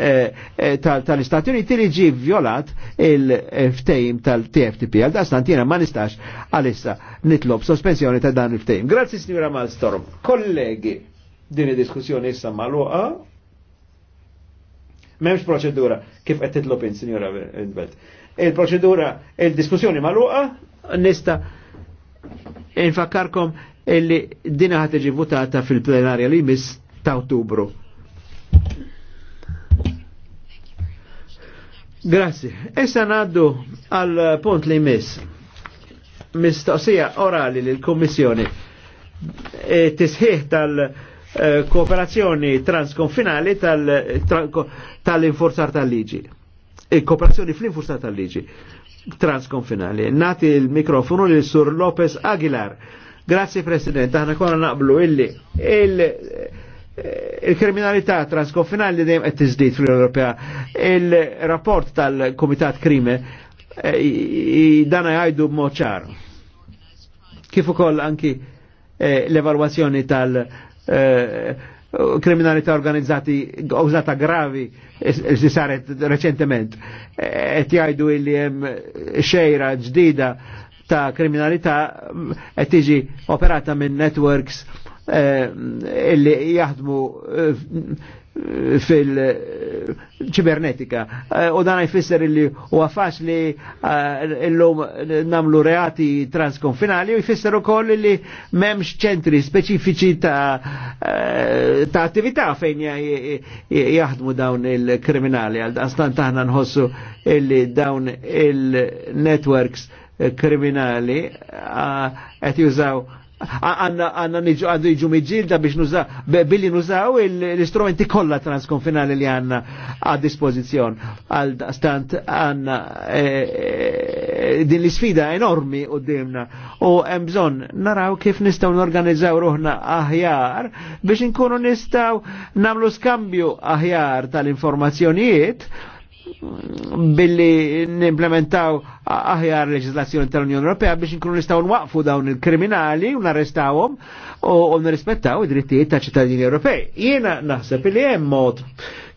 Eh, eh, tal-Istati Uniti li ġi violat il-ftejm tal-TFTP. Għal dastant jena ma nistax għalissa nitlob sospensjoni ta' dan il-ftejm. Grazzi signora Malstorm. Kollegi, din il diskussjoni issa maluqa. Memx proċedura kif qed titlob in signora Belt. Il-proċedura, il-diskussjoni maluqa, nista' infakkarkom illi dina ħat votata fil-plenarja li mis ta' ottubru. Grazie. Issa naddu al punt li mis. Mistoqsija orali l-Kommissjoni. E tisħiħ tal-kooperazzjoni e, transkonfinali tal-infurzar tal-liġi. E kooperazzjoni fl-infurzar tal-liġi transkonfinali. Nati il-mikrofonu li sur Lopez Aguilar. Grazie Presidente. aħna konna naqblu illi il il-kriminalità transkonfinali li dejjem qed tiżdied fl-Ewropea. Il-rapport tal-Kumitat Krime eh, dana jgħidu b'mod ċar. Kif ukoll anki eh, l-evalwazzjoni tal- eh, kriminalità organizzati użata gravi li saret reċentement qed jgħidu illi hemm xejra ġdida ta' kriminalità mm, qed tiġi operata minn networks Eh, illi jaħdmu eh, fil-ċibernetika. Eh, u dan jfisser illi u għafax li illum namlu reati transkonfinali u jfisser u koll li memx ċentri speċifiċi ta' attività fejn jaħdmu dawn il-kriminali. Għal-dastan taħna nħossu illi dawn il-networks kriminali għet jużaw għanna għandu iġu miġilda biex nuza, billi nużaw l-istrumenti kollha transkonfinali li għanna għad dispozizjon għal stant għanna e, e, din l-sfida enormi u dimna u bżon naraw kif nistaw n-organizzaw ruħna aħjar biex nkunu nistaw namlu skambju aħjar tal-informazzjonijiet billi nimplementaw aħjar leġislazzjoni tal-Unjoni Ewropea biex nkunu nistgħu nwaqfu dawn il-kriminali u narrestawhom u nirrispettaw id-drittijiet ta' ċittadini Ewropej. Jiena naħseb li hemm mod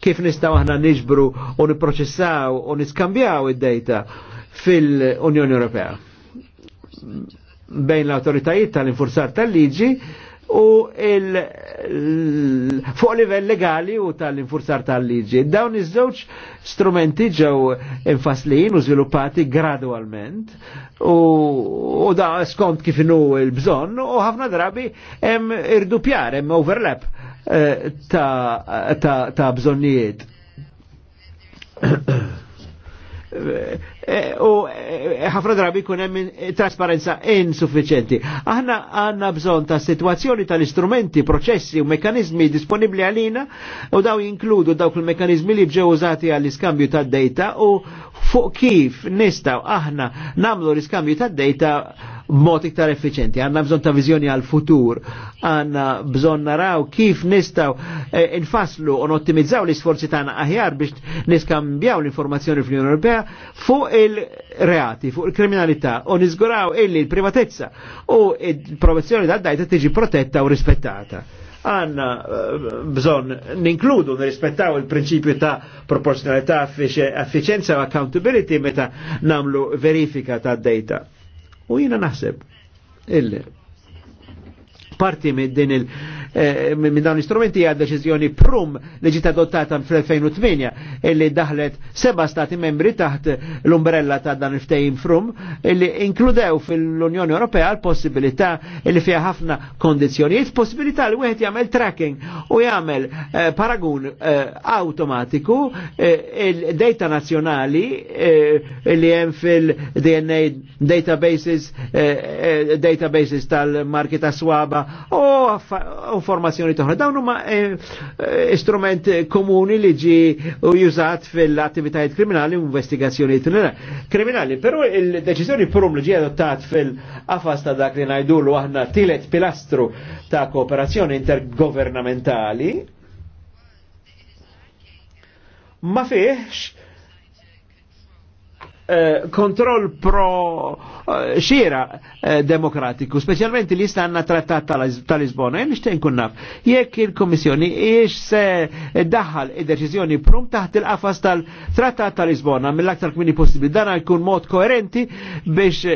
kif nistgħu aħna niġbru u nipproċessaw u niskambjaw id-dejta fil-Unjoni Ewropea bejn l-autoritajiet tal-infurzar tal-liġi u fuq livell legali u tal-infurzar tal-liġi. Dawn iż-żewġ strumenti ġew infaslin u żviluppati gradualment u, da skont kif inhu l-bżonn u ħafna drabi hemm irdupjar, hemm overlap eh, ta', ta, ta bżonnijiet. u ħafna drabi kun hemm trasparenza insuffiċenti. Aħna għandna bżonn ta' situazzjoni tal-istrumenti, proċessi u mekanizmi disponibbli għalina u daw jinkludu dawk il-mekanizmi li bġew użati għall-iskambju tad-dejta u fuq kif nistaw aħna namlu l-iskambju tad-dejta mod iktar effiċenti, għanna bżon ta' vizjoni għal-futur, għanna bżon naraw kif nistaw eh, infaslu u ottimizzaw l-isforzi tagħna aħjar biex niskambjaw l-informazzjoni fl-Unjoni Ewropea fuq il-reati, fuq il-kriminalità u nizguraw illi l-privatezza u il-provazzjoni ta' dajta tiġi protetta u rispettata għanna eh, bżon ninkludu, nirrispettaw il-prinċipju ta' proporzjonalità, efficienza u accountability meta namlu verifika ta' data. U jina naħseb illi parti minn din il- eh, minn dawn l-istrumenti għad deċiżjoni prum li ġiet adottata fl-2008 illi daħlet seba stati membri taħt l-umbrella ta' dan il-ftejim frum illi inkludew fil-Unjoni Ewropea l-possibilità illi fiha ħafna kondizjonijiet, possibilità li wieħed jagħmel tracking u jagħmel eh, paragun eh, automatiku eh, il-data nazzjonali li hemm fil-DNA databases databases tal-marki ta' swaba u informazzjoni toħra. Dawn huma istrument komuni li ġi użat fil-attivitajiet kriminali u investigazzjoni kriminali. Però il-deċiżjoni prum li ġi adottat fil-qafas ta' dak li ngħidulu aħna tielet pilastru ta' kooperazzjoni intergovernamentali ma fiex Eh, kontroll pro eh, xira eh, demokratiku, specialment li stanna trattat tal-Lisbona. Jen ixtejn kunnaf, jekk il-Komissjoni ix se daħal id-deċizjoni prum taħt il-qafas tal-trattat tal-Lisbona mill-aktar kmini possibli. Dan jkun mod koerenti biex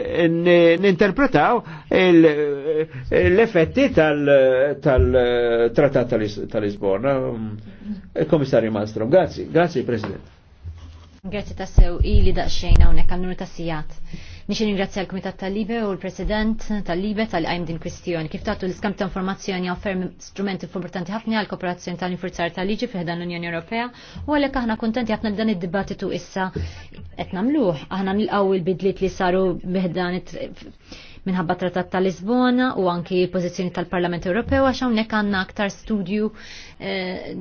ninterpretaw l-effetti tal-trattat tal-Lisbona. Mm, Komissarju Malmström, grazie, grazie President. Grazzi ta' sew ili daqxejn hawnhekk għal nur ta' sijat. Nix ringrazzja l-Kumitat tal-Libe u l-President tal-Libe tal-qajm din kwistjoni. Kif tagħtu l skamp ta' informazzjoni offer strumenti importanti ħafna għal kooperazzjoni tal-infurzar tal-liġi fiħda l-Unjoni Ewropea u għalek aħna kuntenti ħafna dan id-dibattitu issa qed nagħmluh. Aħna nilqgħu il-bidliet li saru biħdan minħabba trattat tal-Lisbona u anki pożizzjoni tal-Parlament Ewropew għax hawnhekk għandna aktar studju eh,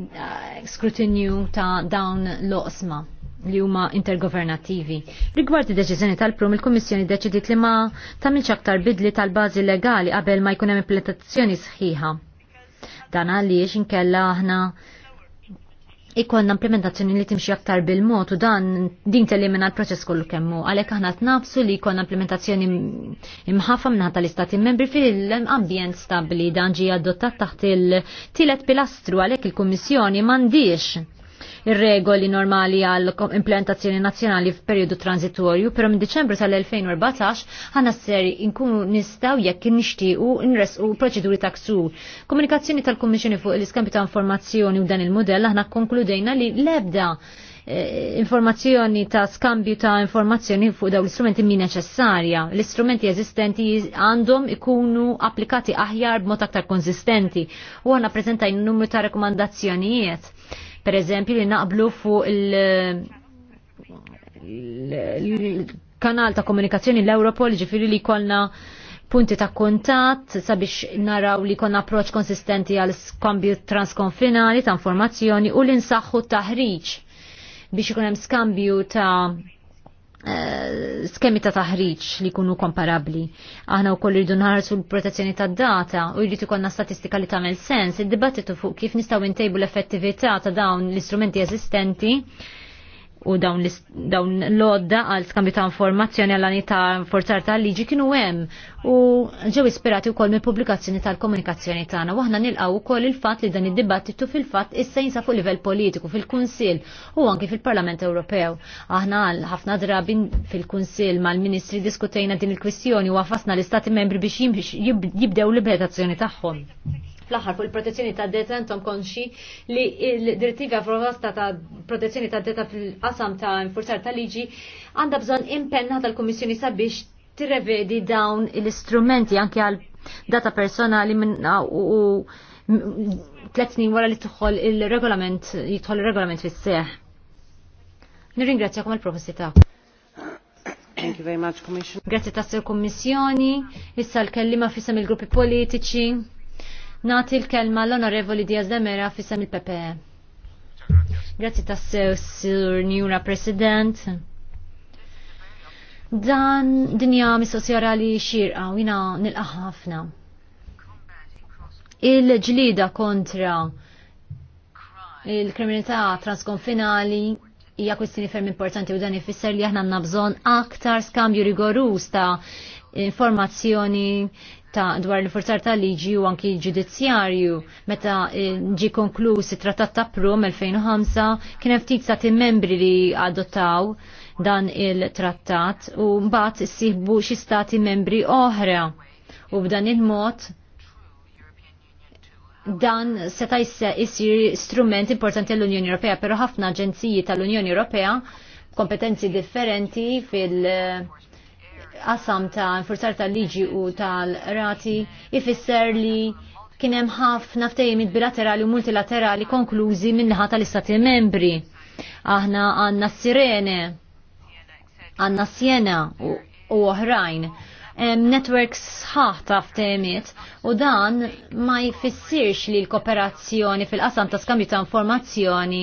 skrutinju ta' dawn l-oqsma li huma intergovernativi. Rigward id-deċiżjoni tal-prum, il-Kummissjoni deċidiet li ma tamilx aktar bidli tal-bażi legali qabel ma jkun hemm implementazzjoni sħiħa. Dan għaliex inkella aħna ikkonna implementazzjoni li timxi aktar bil-mod u dan din telimina l-proċess kollu kemmu. Għalhekk aħna tnafsu li jkollna implementazzjoni imħafa minna tal-istati membri fil-ambjent stabbli dan ġie adottat taħt il-tielet pilastru għalhekk il-Kummissjoni m'għandix ir-regoli normali għall implementazzjoni nazzjonali f'perjodu transitorju, però minn Diċembru tal-2014 ħana s-seri inkunu nistaw jekk nixtiequ nresqu proċeduri ta' ksur. Komunikazzjoni tal-Kummissjoni fuq l-iskampi ta' informazzjoni u dan il-modell aħna konkludejna li l-ebda eh, informazzjoni ta' skambju ta' informazzjoni fuq daw l-istrumenti mi neċessarja. L-istrumenti eżistenti għandhom ikunu applikati aħjar b'mod aktar konsistenti u għanna prezentaj numru ta' rekomandazzjonijiet Per eżempju li naqblu fuq il-kanal ta' komunikazzjoni l-Europol ġifiri li kolna punti ta' kontat sabiex naraw li kon approċ konsistenti għal skambju transkonfinali ta' informazzjoni u l-insaxħu taħriġ biex ikun hemm skambju ta' Eh, skemi ta' taħriġ li kunu komparabli. Aħna u koll irridu nħarsu l-protezzjoni ta' data u jrid konna statistika li tagħmel sens. il dibattitu fuq kif nistgħu ntejbu l-effettività ta' dawn l-istrumenti eżistenti u dawn l-odda għal skambju ta' informazzjoni għal għani ta' forzar ta' liġi kienu hemm u ġew ispirati wkoll mill pubblikazzjoni tal-komunikazzjoni tagħna u aħna nilqgħu wkoll il-fatt li dan id-dibattitu fil-fatt issa jinsa fuq livell politiku fil-Kunsill u anke fil-Parlament Ewropew. Aħna għal ħafna drabi fil-Kunsill mal-Ministri diskutejna din il-kwistjoni u għafasna l-Istati membri biex jibdew l-libertazzjoni tagħhom fl-aħħar fuq il-protezzjoni ta' deta intom konxi li l-direttiva proposta ta' protezzjoni ta' deta fil-qasam ta' infurzar ta' liġi għandha bżonn impenna tal-Kummissjoni sabiex tirrevedi dawn l-istrumenti anke għal data personali minna u tlet snin wara li tħol il-regolament, jitħol il-regolament fis seħ Nirringrazzjakom għal-proposti ta' Thank you very much, Commission. Grazie tassi Sir Kommissjoni, issa l-kellima fissam il-gruppi politiċi. Nati l-kelma l-Onorevoli Diaz de Mera fissam il-PPE. Grazie tassew, Sir Njura President. Dan dinja mis-sosjara li xirqa u jina nil-qaħafna. Il-ġlida kontra il-kriminalità transkonfinali hija kwestjoni ferm importanti u dan ifisser li aħna għandna bżonn aktar skambju rigorus ta' informazzjoni ta' dwar il forzar ta' liġi u anki ġudizzjarju meta eh, ġi konkluż it-Trattat ta' Prum 2005 kien hemm ftit stati membri li adottaw dan il-trattat u mbagħad issieħbu xi stati membri oħra. U b'dan il-mod dan seta' jissir strument importanti l-Unjoni Ewropea, però ħafna aġenziji tal-Unjoni Ewropea kompetenzi differenti fil- qasam ta' forzar tal-liġi u tal-rati ifisser li kien hemm ħafna ftehimiet bilaterali u multilaterali konklużi min-naħa tal-istati membri. Aħna għandna sirene għandna siena sjena u oħrajn networks sħaħ ta' ftehimiet u dan ma jfissirx li l-kooperazzjoni fil-qasam ta' skambju ta' informazzjoni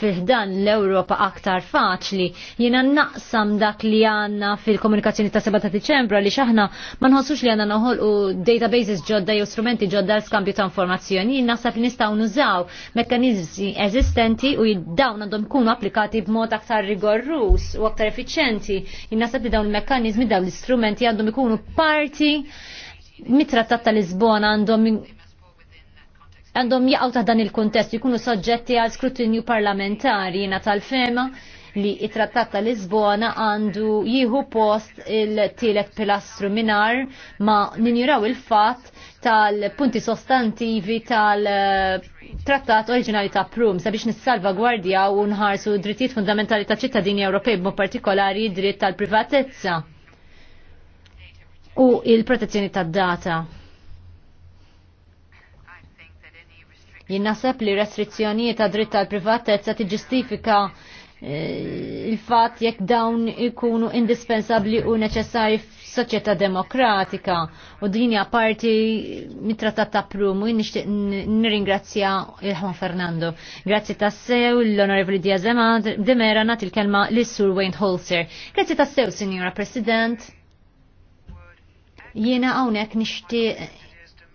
fiħdan l-Europa aktar faċli. jina naqsam dak li għanna fil-komunikazzjoni ta' 7 ta' li xaħna ma nħossux li għanna noħol u databases ġodda jew strumenti ġodda l-skambju ta' informazzjoni. jina nasab li nistaw nużaw mekkanizmi eżistenti u dawn għandhom kunu applikati b'mod aktar rigorrus u aktar efficienti, jina naqsam li dawn l mekkanizmi dawn l-istrumenti għandhom ikunu parti mitrattat tal-Lisbona għandhom għandhom jaqgħu ta' dan il-kuntest ikunu soġġetti għal skrutinju parlamentari jiena tal-fema li it-trattat ta' Lisbona għandu jieħu post il-tielet pilastru minar ma ninjuraw il-fat tal-punti sostantivi tal-trattat oriġinali ta' Prum sabiex nissalva gwardja u nħarsu drittijiet fundamentali ta' ċittadini Ewropej b'mod partikolari dritt tal-privatezza u il-protezzjoni tad-data. Jien naħseb li restrizzjonijiet ta' dritt tal privatezza tiġġistifika eh, il-fat jekk dawn ikunu indispensabli u neċessari f'soċjetà demokratika u din hija parti mit-trattat ta' Prumu jien nixtieq nirringrazzja il-ħon Fernando. Grazzi tassew l-Onorevoli Diazema Demera nagħti l kelma lis-Sur Wayne Holzer. Grazzi tassew, Sinjora President jiena hawnhekk nixtieq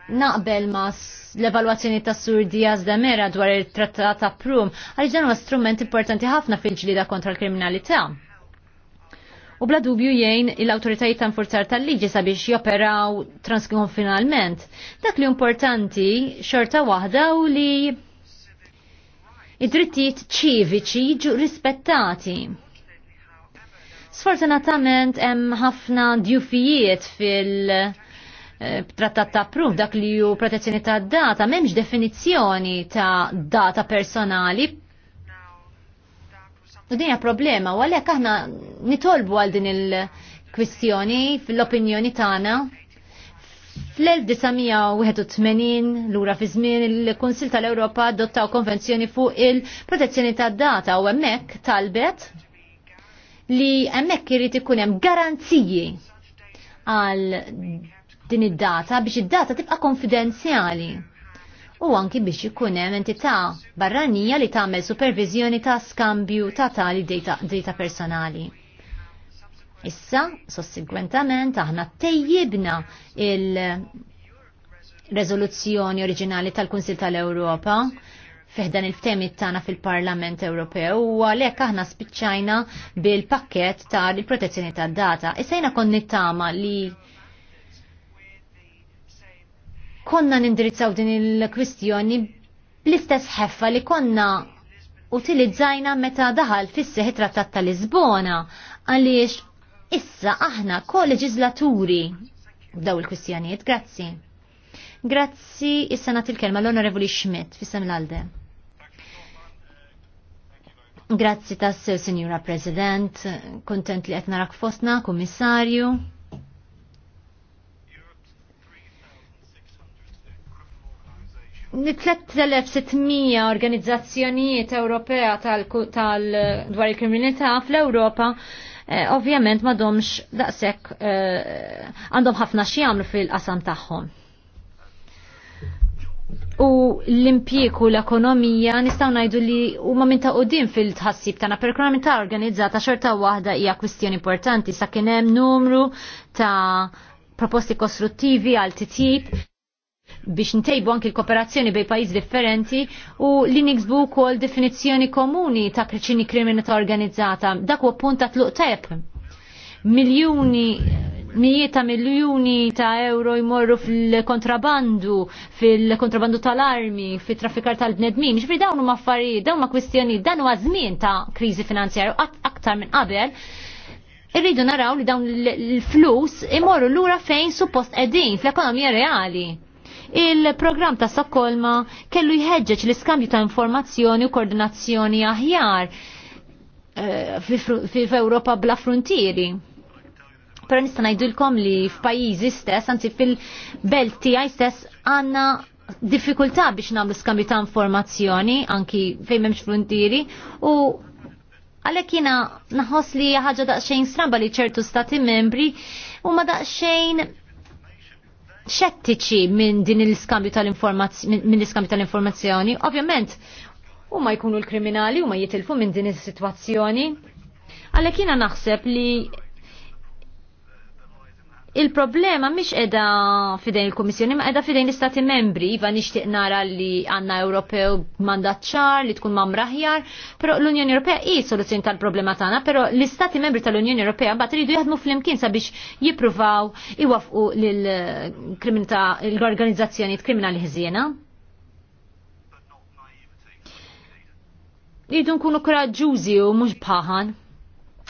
naqbel ma l-evaluazzjoni ta' Sur Diaz de Mera dwar il trattata ta' Prum, għaliex dan huwa strument importanti ħafna fil-ġlida kontra l-kriminalità. U bla dubju jgħin l-autoritajiet ta' nfurzar tal-liġi sabiex joperaw transkonfinalment. Dak li importanti xorta waħda u li id-drittijiet ċiviċi jiġu rispettati. Sfortunatament hemm ħafna djufijiet fil- trattat ta' proof dak li ju protezzjoni ta' data, memx definizzjoni ta' data personali. U din problema, u għalhekk aħna nitolbu għal din il-kwistjoni fil-opinjoni tagħna. Fl-1981 lura fi żmien il-Kunsil tal-Ewropa adottaw konvenzjoni fuq il-protezzjoni ta' data u hemmhekk talbet li hemmhekk irid ikun hemm garanziji għal din id-data biex id-data tibqa' konfidenzjali. U anki biex ikun hemm entità barranija li tagħmel supervizjoni ta' skambju ta' tali data, data personali. Issa, sossigwentament, aħna tejjibna il-rezoluzzjoni oriġinali tal-Kunsil tal-Ewropa fiħdan il ftemit tana fil-Parlament Ewropew u għalek aħna spiċċajna bil-pakket tal protezzjoni tad data. Issa kon nittama li konna nindirizzaw din il-kwistjoni bl-istess ħeffa li konna utilizzajna meta daħal fis-seħi trattat ta' Lisbona għaliex issa aħna koleġislaturi daw il-kwistjonijiet. Grazzi. Grazzi, issa nagħti l-kelma l-Onorevoli Schmidt fis-sem l-Alde. Grazzi tas Signora President, kontent li qed narak fostna, Kummissarju. 3600 organizzazzjonijiet Ewropea tal-dwar il-kriminalità fl-Ewropa eh, ovvjament ma domx daqsek eh, għandhom ħafna xjamlu fil-qasam tagħhom. U l impjieku l-ekonomija nistgħu ngħidu li huma minn ta' qudiem fil-tħassib tagħna per organizzata xorta waħda hija kwistjoni importanti sa kien hemm numru ta' proposti kostruttivi għal titjib biex ntejbu anki l-kooperazzjoni bej pajjiż differenti u li niksbu wkoll definizzjoni komuni ta' kriċini kriminata organizzata. Dak huwa punt ta' tluq tep. Miljuni mijiet ta' miljuni ta' euro jmorru fil-kontrabandu, fil-kontrabandu tal-armi, fil-traffikar tal-bnedmin. Ġifri dawn huma affarijiet, dawn huma kwistjoni, dan huwa żmien ta' kriżi finanzjarju aktar minn qabel irridu naraw li dawn il flus imorru lura fejn suppost qegħdin fl-ekonomija reali il-programm ta' Stokkolma kellu jħeġġeġ l-iskambju ta' informazzjoni u koordinazzjoni aħjar eh, f'Ewropa bla frontieri. Pero nista' ngħidulkom li f'pajjiżi stess, anzi fil-belt tiegħi stess għandna diffikultà biex nagħmlu skambju ta' informazzjoni anki fejn m'hemmx frontieri u għalhekk jiena naħoss li ħaġa daqsxejn stramba li ċertu stati membri huma daqsxejn xettiċi minn din l-iskambju tal-informazzjoni, minn l-iskambju tal-informazzjoni, ovvjament u ma jkunu l-kriminali u ma jitilfu minn din is-sitwazzjoni. Għalhekk jina naħseb li Il-problema mhix qiegħda fidejn il-Kummissjoni ma qiegħda fidejn l-Istati Membri, iva nixtieq nara li għandna Ewropew mandat ċar li tkun mamra ħjar, però l-Unjoni Ewropea hi soluzzjoni tal-problema tagħna, però l-Istati Membri tal-Unjoni Ewropea mbagħad iridu jaħdmu flimkien sabiex jippruvaw iwafqu l-organizzazzjoni kriminali ħsiena. Iridu nkunu koraġġużi u mhux bħaħan.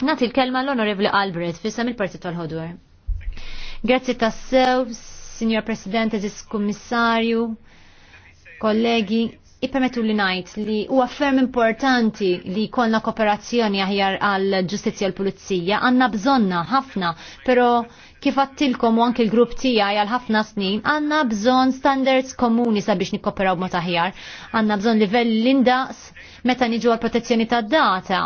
Nagħti l-kelma l-Onorevli Albrecht fissam il-Partit tal ħodwer Grazzi tassew, Signor President, Eżis Kummissarju, kollegi, ippermetu li najt li huwa ferm importanti li konna kooperazzjoni aħjar għal ġustizzja l pulizija għanna bżonna ħafna, pero kif għattilkom u anki l-grupp tijaj għal ħafna snin, għanna bżon standards komuni sabiex kooperaw mot aħjar, għanna bżon livell l-indaqs meta niġu għal protezzjoni ta' data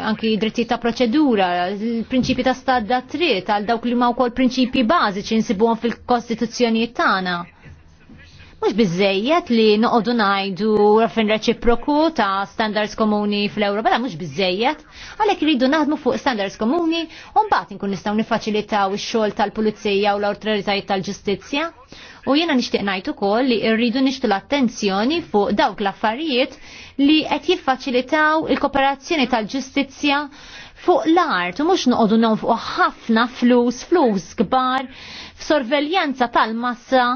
anki dritti ta' proċedura, prinċipi ta' stadda tritt, għal dawk li ma' wkoll prinċipi bażiċi nsibuhom fil-kostituzzjonijiet tagħna. Mhux bizzejiet li noqogħdu ngħidu raffin reċiproku ta' standards komuni fl-Ewropa, mhux bizzejiet, għalhekk iridu naħdmu fuq standards komuni u mbagħad nkun nistgħu nifacilitaw ix-xogħol tal-pulizija u l-awtoritajiet tal-ġustizzja. U jiena nixtieq ngħid ukoll li rridu nixtu l-attenzjoni fuq dawk l-affarijiet li qed jiffaċilitaw il-kooperazzjoni tal-ġustizzja fuq l-art u mhux noqogħdu nonfqu ħafna flus, flus kbar f'sorveljanza tal-massa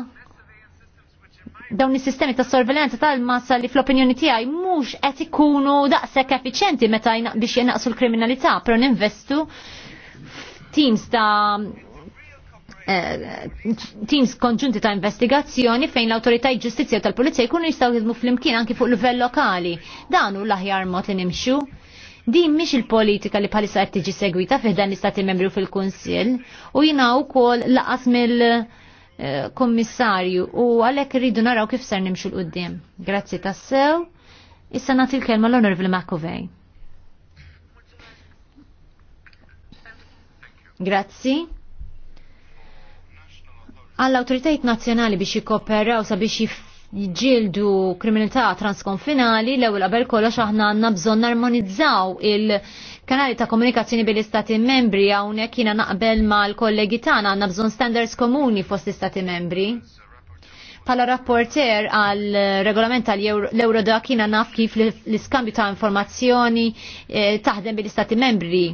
dawn is-sistemi ta' sorveljanza tal-massa li fl-opinjoni tiegħi mhux qed ikunu daqshekk effiċjenti meta biex jenaqsu l-kriminalità, però ninvestu teams ta' Eh, teams konġunti ta' investigazzjoni fejn l-autorità ġustizzja tal polizija jkunu jistgħu jidmu flimkien anki fuq livell lokali. Dan hu l-aħjar mot li nimxu. Din mhix il-politika li bħalissa qed tiġi segwita fih dan l-istati membri fil kunsill u jina wkoll laqas mill eh, kommissarju u għalhekk irridu naraw kif ser nimxu l-qudiem. Grazzi tassew. Issa nagħti l-kelma l-Onorevoli McAvey. Grazzi għall-autoritajt nazzjonali biex jikoperaw sabiex jġildu kriminalità transkonfinali l ewwel qabel kollox aħna għandna bżonn narmonizzaw il-kanali ta' komunikazzjoni bil istati membri hawnhekk jiena naqbel mal-kollegi tagħna għandna bżonn standards komuni fost istati membri. Pala rapporter għal regolament tal l-Eurodac jiena naf kif l-iskambju ta' informazzjoni eh, taħdem bil istati membri.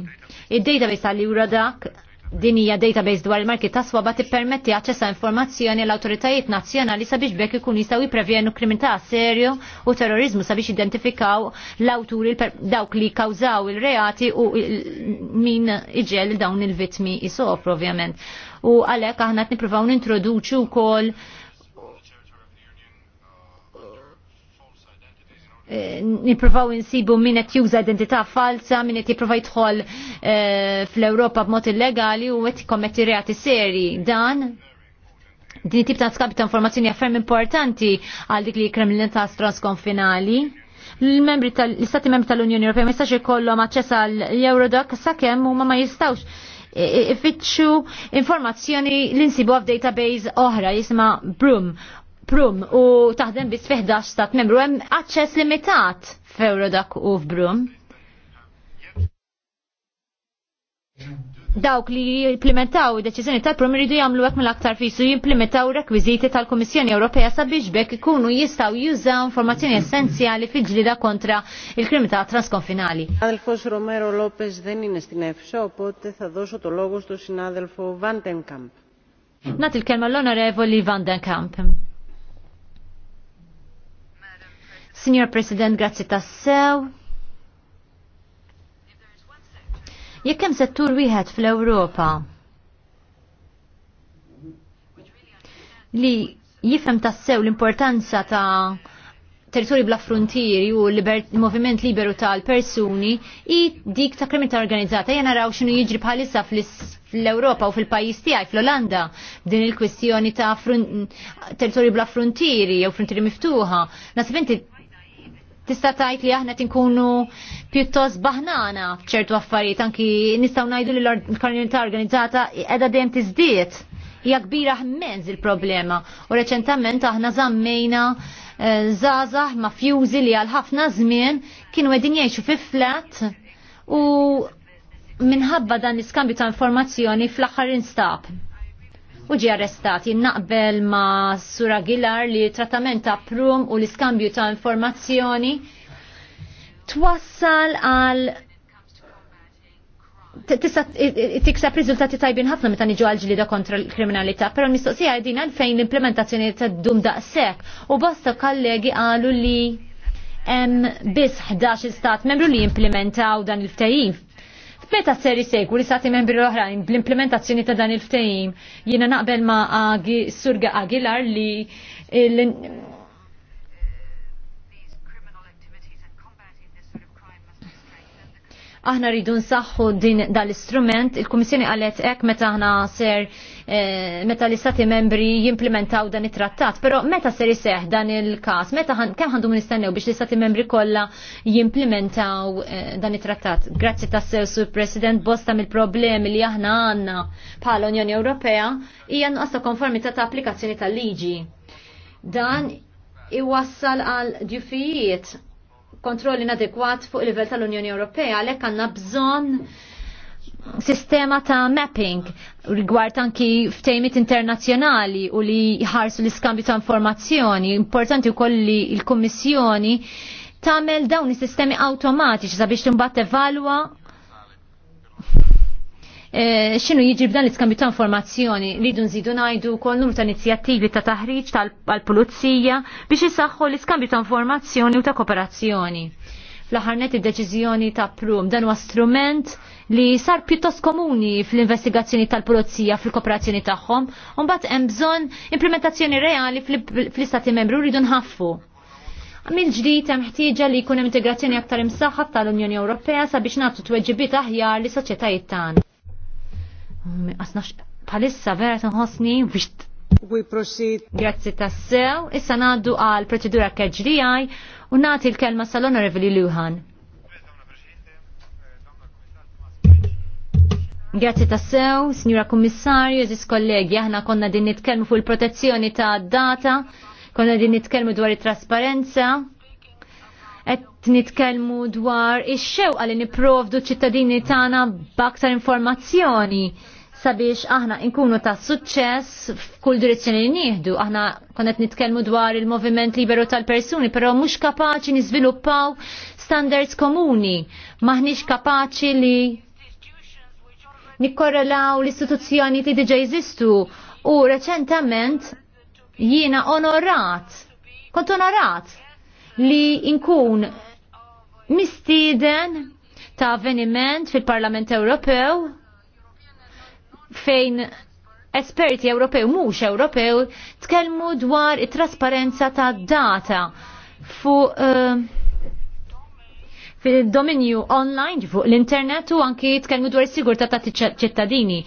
Id-database tal-Eurodac dinija database dwar il-marki taswa swaba tippermetti aċċessa informazzjoni l awtoritajiet nazzjonali sabiex bekk ikun jistgħu jipprevjenu kriminalità serju u terrorizmu sabiex identifikaw l-awturi dawk li kawżaw il-reati u min iġel dawn il-vitmi isofru ovvjament. U għalhekk aħna qed nippruvaw nintroduċu wkoll Eh, niprofaw insibu min qed juża identità falsa, min qed jipprova jidħol eh, fl-Ewropa b'mod illegali u qed jkommetti reati seri. Dan din tip ta' skab ta' informazzjoni affermi importanti għal dik li kriminalità transkonfinali. L-membri tal-istati membri tal-Unjoni Ewropea ma jistax ikollhom aċċess għal Eurodoc sakemm huma ma jistawx eh, ifittxu informazzjoni l-insibu f'database oħra jisma Brum f'Brum u taħdem bis 11 stat membru hemm aċċess limitat f'Eurodak u f'Brum. Dawk li jimplementaw id-deċiżjoni tal-Prum iridu jagħmlu hekk mill-aktar fisu jimplementaw rekwiżiti tal-Kummissjoni Ewropea sabiex bekk ikunu jistgħu jużaw informazzjoni essenzjali fi ġlida kontra il-kriminalità transkonfinali. Αδελφός Romero Λόπες den in στην αίθουσα, οπότε θα δώσω to λόγο στον sinadelfo Vandenkamp. Nat il-kelma l-onorevoli Vandenkamp. Signor President, grazzi tassew. Jekk hemm settur wieħed fl-Ewropa li jifhem tassew l-importanza ta' territori bla frontieri u l-moviment liberu tal-persuni i dik ta' kriminalità organizzata. Jena raw xinu jiġri bħalissa fl-Europa u fil-pajis tiegħi fl-Olanda din il kwestjoni ta' territori bla frontieri jew frontieri miftuħa. Nasib inti tista' tgħid li aħna tinkunu pjuttost baħnana f'ċertu affarijiet anki nistgħu ngħidu li l-kriminalità organizzata qiegħda dejjem tiżdied. Hija kbira ħmenz il-problema u reċentament aħna żammejna eh, żgħażagħ mafjużi li għal ħafna żmien kienu qegħdin jgħixu fi flat u minħabba dan l-iskambju ta' informazzjoni fl-aħħar instab u ġi arrestat. Jinnaqbel ma Sura Gilar li trattament ta' prum u l-iskambju ta' informazzjoni twassal għal tista tiksab riżultati tajbin ħafna meta niġu għal-ġlida kontra l-kriminalità, però l-mistoqsija għal għalfejn l-implementazzjoni ta' dum daqshekk u bosta kollegi qalu li hemm biss 11 stat membru li jimplementaw dan il-ftajif Meta ser jisegwu li sati membri l-oħrajn bl-implementazzjoni ta' dan il-ftehim jiena naqbel ma' Surga Aguilar li aħna rridu nsaħħu din dal-istrument, il-Kummissjoni qalet hekk meta aħna ser eh, meta l-istati membri jimplementaw dan it-trattat, però meta ser iseħ dan il-każ, meta kemm għandhom nistennew biex l-istati membri kollha jimplementaw eh, dan it-trattat. Grazzi tas-sew sur President Bosta mill-problemi li aħna għandna bħala Unjoni Ewropea hija nqas ta' konformità ta' applikazzjoni tal-liġi. Dan iwassal għal ġifijiet kontroll inadekwat fuq il livell tal-Unjoni Ewropea, għalhekk għandna bżonn sistema ta' mapping rigward anki ftejmit internazzjonali u li jħarsu l-iskambju ta' informazzjoni. Importanti wkoll li l-Kummissjoni tagħmel dawn is-sistemi awtomatiċi sabiex timbat evalwa Eh, xinu jiġi b'dan l-iskambju ta' informazzjoni li dun zidu najdu kol numru ta' inizjattivi ta' taħriġ tal-pulizija biex jisaxħu l-iskambju ta' informazzjoni u ta' kooperazzjoni. fl il id-deċizjoni ta' prum dan huwa strument li sar pjuttost komuni fl-investigazzjoni tal-pulizija fil-kooperazzjoni tagħhom, u mbagħad hemm bżonn implementazzjoni reali fl-istati membri rridu nħaffu. Min ġdid hemm ħtieġa li jkun hemm integrazzjoni aktar imsaħħa tal-Unjoni Ewropea sabiex nagħtu tweġibiet aħjar li soċjetajiet tagħna. Għasnax palissa vera tanħosni biex. We proceed. Grazzi tassew, issa naddu għal procedura keġrijaj u nati l-kelma sal-Honorevoli Luhan. Grazzi tassew, Signora Kommissarju, eżis kollegi, aħna konna din nitkellmu fuq il-protezzjoni ta' data, konna din nitkellmu dwar it-trasparenza, qed nitkellmu dwar ix-xewqa li nipprovdu ċittadini tagħna b'aktar informazzjoni sabiex aħna inkunu ta' suċċess f'kull direzzjoni li nieħdu. Aħna konet nitkellmu dwar il-moviment liberu tal-persuni, però mhux kapaċi niżviluppaw standards komuni. Maħniex kapaċi li nikkorrelaw l-istituzzjoni li diġa jżistu. u reċentament jiena onorat, kont onorat li inkun mistieden ta' avveniment fil-Parlament Ewropew fejn esperti Ewropew mhux Ewropew tkellmu dwar it-trasparenza ta' data fuq uh, eh, fil-dominju online fuq l-internet u anki tkellmu dwar is-sigurtà ta' ċittadini.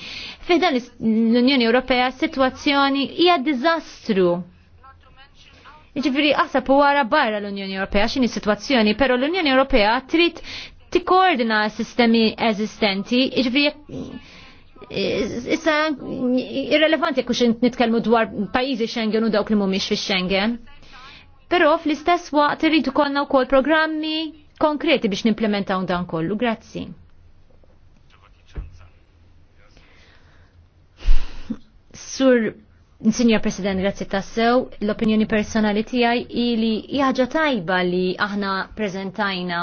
Fidan l-Unjoni Ewropea s-sitwazzjoni hija diżastru Ġifiri, aħseb u għara barra l-Unjoni Ewropea xini situazzjoni, pero l-Unjoni Ewropea trid tikkoordina sistemi eżistenti, ġifiri, issa irrelevanti jekk xint nitkelmu dwar pajjiżi Schengen u dawk li mhumiex fix Schengen. Però fl-istess waqt irridu konna wkoll programmi konkreti biex nimplementaw dan kollu. Grazzi. Sur Signor President, grazzi tassew. L-opinjoni personali tijaj ili jħagġa tajba li aħna prezentajna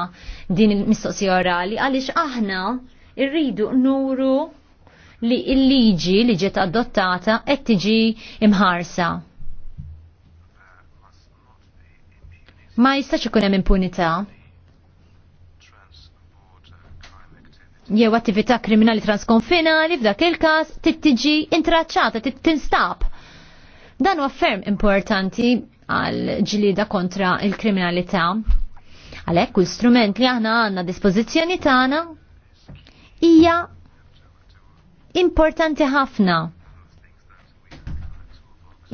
din il-mistoqsija orali għalix aħna irridu nuru li il-liġi li ġiet adottata qed tiġi imħarsa. Ma jistax ikun hemm impunità. Jew attività kriminali transkonfinali f'dak il-każ tittiġi intraċċata, tinstab Dan huwa ferm importanti għal ġlida kontra il-kriminalità. Għalhekk kull strument li aħna għandna dispozizjoni tagħna hija importanti ħafna.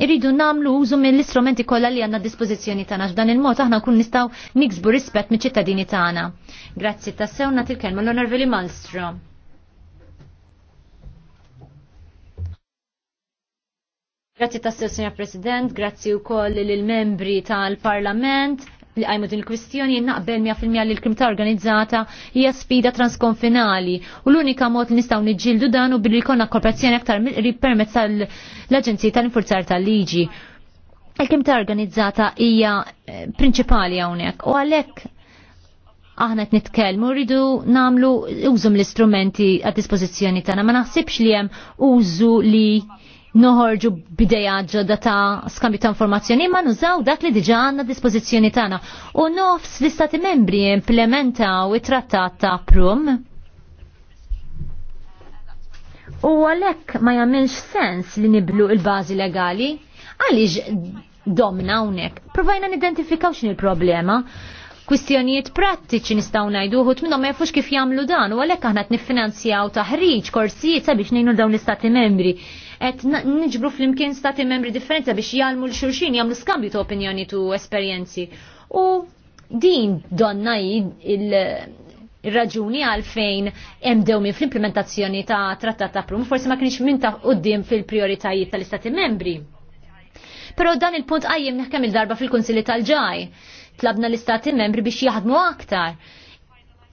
Irridu namlu użu mill-istrumenti kollha li għandna dispozizjoni tagħna f'dan il-mod aħna kun nistgħu niksbu rispett miċ-ċittadini tagħna. Grazzi tassew natil l-kelma l-Onorveli Malmstrom. Grazzi tassew, Signor President, grazzi u koll l-membri tal-Parlament li għajmu din il-kwistjoni naqbel 100% li l-krimta organizzata hija sfida transkonfinali u l-unika mod li nistgħu niġġieldu dan u billi jkollna korporazzjoni aktar permezz tal-Aġenzija tal-Infurzar tal-Liġi. Il-krimta organizzata hija eh, prinċipali hawnhekk u għalhekk aħna qed nitkellmu rridu nagħmlu użum l-istrumenti għad dispożizzjoni tagħna ma naħsibx li hemm użu li noħorġu bideja ġodda ta' skambju ta' informazzjoni ma' nużaw dak li diġa għanna dispozizjoni tagħna. U nofs l-istati membri implementaw it-trattat ta' prum. U għalek ma jagħmilx sens li niblu il bazi legali għaliex domna hawnhekk. Provajna nidentifikaw x'in il-problema kwistjonijiet prattiċi nistgħu ngħiduħut minnhom ma jafux kif jagħmlu dan u għalhekk aħna qed niffinanzjaw taħriġ korsijiet sabiex ngħinu dawn l-istati membri qed niġbru flimkien stati membri differenza biex jgħalmu l-xurxin jagħmlu skambju ta' opinjoni tu esperjenzi. U din donna il-raġuni għalfejn emdew minn fl-implementazzjoni ta' trattat ta' prum, forsi ma kienx minn ta' uddim fil-prioritajiet tal-istati membri. Pero dan il-punt għajjem neħkem il-darba fil-Konsili tal-ġaj. Tlabna l-istati membri biex jaħdmu aktar.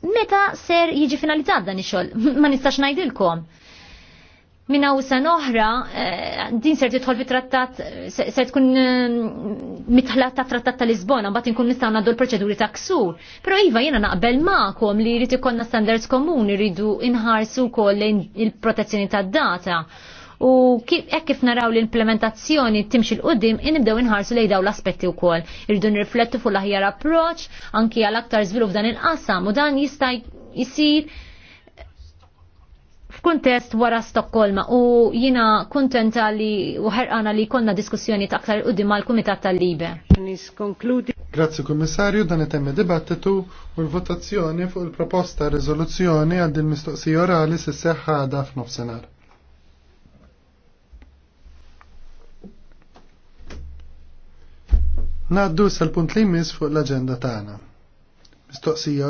Meta ser jiġi finalizzat dan ix-xogħol? Ma nistax ngħidilkom minna u san oħra, eh, din ser tidħol fi trattat, ser tkun eh, mitħla ta' trattat ta' Lisbona, bat nkun nistaw naddu l-proċeduri ta' ksur. Pero Iva jena naqbel ma'kom li rrit ikonna standards komuni rridu inħarsu kol lejn il-protezzjoni ta' data. U hekk kif naraw l-implementazzjoni timxi l-qoddim, inibdew inħarsu lejn daw l-aspetti wkoll. Irridu nirriflettu fuq l-aħjar approċ, anki għal aktar zvilu f'dan il-qasam u dan jista' jisir f'kuntest wara Stokkolma u jina kontenta li u ħerqana li konna diskussjoni ta' aktar qudiem mal-Kumitat tal-Libe. Grazzi Kummissarju dan itemme dibattitu u l-votazzjoni fuq il-proposta riżoluzzjoni għad il-mistoqsija orali se seħħada f'nofsinhar. Naddu sal-punt li jmiss fuq l-aġenda tagħna. Mistoqsija